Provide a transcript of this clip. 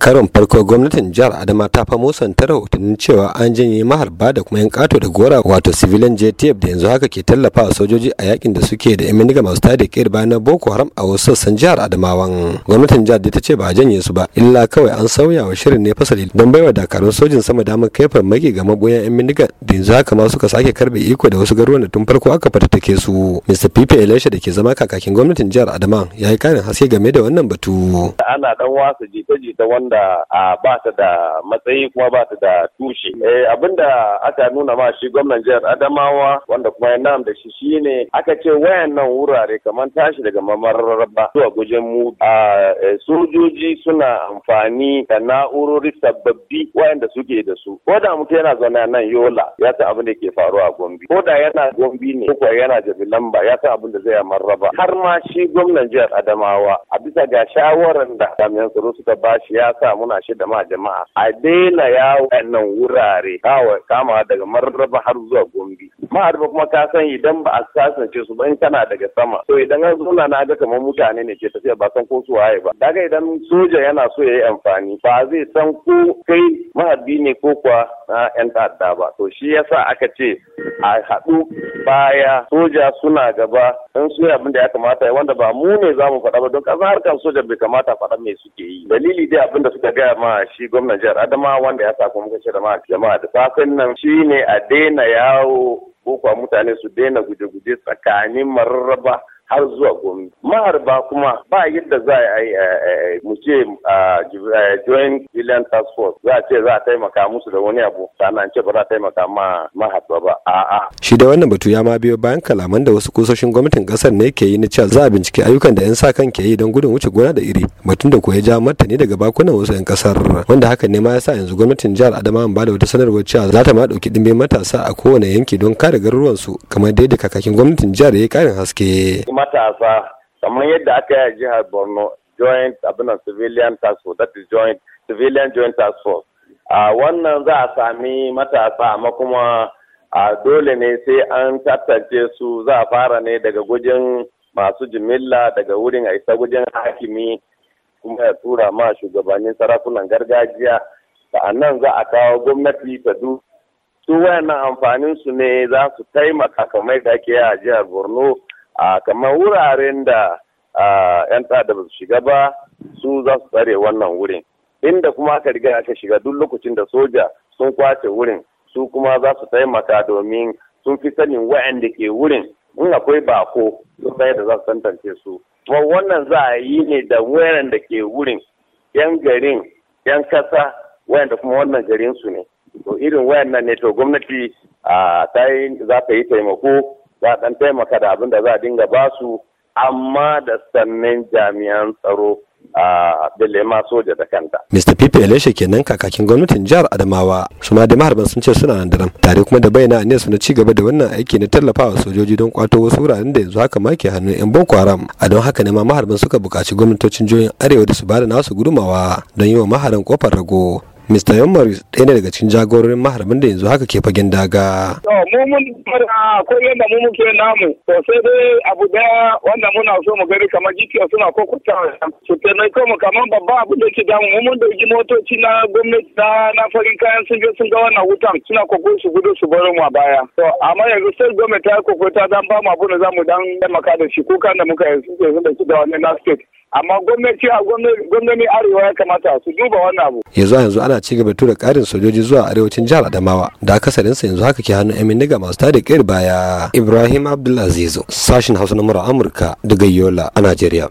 karon farko gwamnatin jihar adama ta fa musanta rahotannin cewa an janye maharba da kuma yan kato da gora wato civilian jtf da yanzu haka ke tallafa wa sojoji a yakin da suke da yan masu tada kiyar bayan na boko haram a wasu sassan jihar adamawan gwamnatin jihar da ta ce ba a janye su ba illa kawai an sauya wa shirin ne fasali don baiwa dakarun sojin sama damar kai farmaki ga magoyan yan bindiga da yanzu haka ma suka sake karbe iko da wasu garuruwan da tun farko aka ke su mr pp elisha da ke zama kakakin gwamnatin jihar adama ya yi karin haske game da wannan batu ana dan wasa jita-jita wannan Aa ba ta da matsayi kuma ba ta da tushe. Eh, Abinda aka nuna ma shi gwamnan jihar Adamawa wanda kuma ya nam da shi shine aka ce wayannan wurare kamar tashi daga mamararraba zuwa gujen mu e, sojoji suna amfani da na'urori sababbi wayanda suke da su. Ko da mutum yana zaune nan Yola ya san abin da ke faruwa a Gombe. Ko da yana Gombe ne ko yana Lamba ya san abin da zai marraba. Har ma shi gwamnan jihar Adamawa a bisa ga shawaran da jami'an tsaro suka ba shi ya sa muna shi ma jama'a a daina yawo nan wurare kawai kama daga marraba har zuwa gombe ma'arba kuma ka san idan ba a kasance su ba in kana daga sama to idan an zuna na ga kamar mutane ne ke tafiya ba san ko su waye ba daga idan soja yana so ya yi amfani ba zai san ko kai mahabbi ne ko kuwa na yan ta'adda ba to shi yasa aka ce a haɗu baya soja suna gaba in su yi abin da ya kamata wanda ba mu ne za mu faɗa ba don kasa harkar soja bai kamata faɗa me suke yi dalili dai abin da da suka gaya ma shi gwamnan jihar Adama wanda ya sako muka ce da ma jama'a da safin nan ne a daina yawo ko kuwa mutane su daina guje-guje tsakanin mararraba har zuwa gomi maharba kuma ba yadda za a yi eh, eh, mu ce ah, eh, joint billion task force za a ce za a taimaka musu da wani abu sannan ce ba za a taimaka ma maharba ba a'a shi da wannan batu ya ma biyo bayan kalaman da wasu kusoshin gwamnatin kasar ne ke yi na cewa za a bincike ayyukan da yan sa kan ke yi don gudun wuce gona da iri batun da ko ya ja martani daga bakunan wasu yan kasar wanda haka ne ma ya sa yanzu gwamnatin jihar adama ba da wata sanarwar cewa za ta ma dauki dimbin matasa a kowane yanki don kare garuruwansu kamar da kakakin gwamnatin jihar ya yi karin haske matasa kamar yadda aka yi a jihar borno joint abinan civilian task force that is joint civilian joint task force a wannan za a sami matasa amma kuma a dole ne sai an tattance su za a fara ne daga gujin masu jimilla daga wurin a isa gujin hakimi kuma ya tura ma shugabannin sarakunan gargajiya nan za a kawo gwamnati ta du su wayannan amfanin su ne za su taimaka kamar da ake a jihar borno a kamar wuraren da yan tsada ba su shiga ba su za su tsare wannan wurin inda kuma aka riga aka shiga duk lokacin da soja sun kwace wurin su kuma za su taimaka domin sun fi sanin wa'anda ke wurin in akwai bako sun sai da za su tantance su kuma wannan za a yi ne da wayan da ke wurin yan garin yan kasa wayan da kuma wannan garin su ne to irin wayan nan ne to gwamnati a ta za ta yi taimako za ɗan taimaka da abin da za a dinga ba su amma da sannan jami'an tsaro a Belema soja da kanta. Mr. Pipe Elesha kenan kakakin gwamnatin jihar Adamawa su ma da maharban sun ce suna nan daram tare kuma da bayyana ne su na ci gaba da wannan aiki na tallafawa sojoji don kwato wasu wuraren da yanzu haka ma ke hannun yan Boko Haram a don haka ne ma maharban suka buƙaci gwamnatocin jihohin Arewa da su bada nasu gudumawa don yi wa maharan kofar rago Mr. Yomaris ɗaya ne daga cikin jagororin maharbin da yanzu haka ke fagen daga. mu mun fara ko yadda mu muke namu to sai dai abu daya wanda muna so mu gani kamar jikiya suna kokuta su taimako mu kamar babba abu da ke damu mu mun dauki motoci na gwamnati na na farin kayan sun je sun ga wannan wutan suna kokon su gudu su bar mu a baya. To amma yanzu sai gwamnati ta kokota dan ba mu abu da za mu dan taimaka da shi kukan da muka yanzu da shi da wannan na state. amma gwamnati a gwamnati arewa ya kamata su duba wannan abu yanzu yanzu ana ci gaba tura karin sojoji zuwa arewacin jihar adamawa da akasarin sa yanzu haka ke hannun yan bindiga masu tada kayar baya ibrahim abdulaziz sashin hausa na mura amurka daga yola a najeriya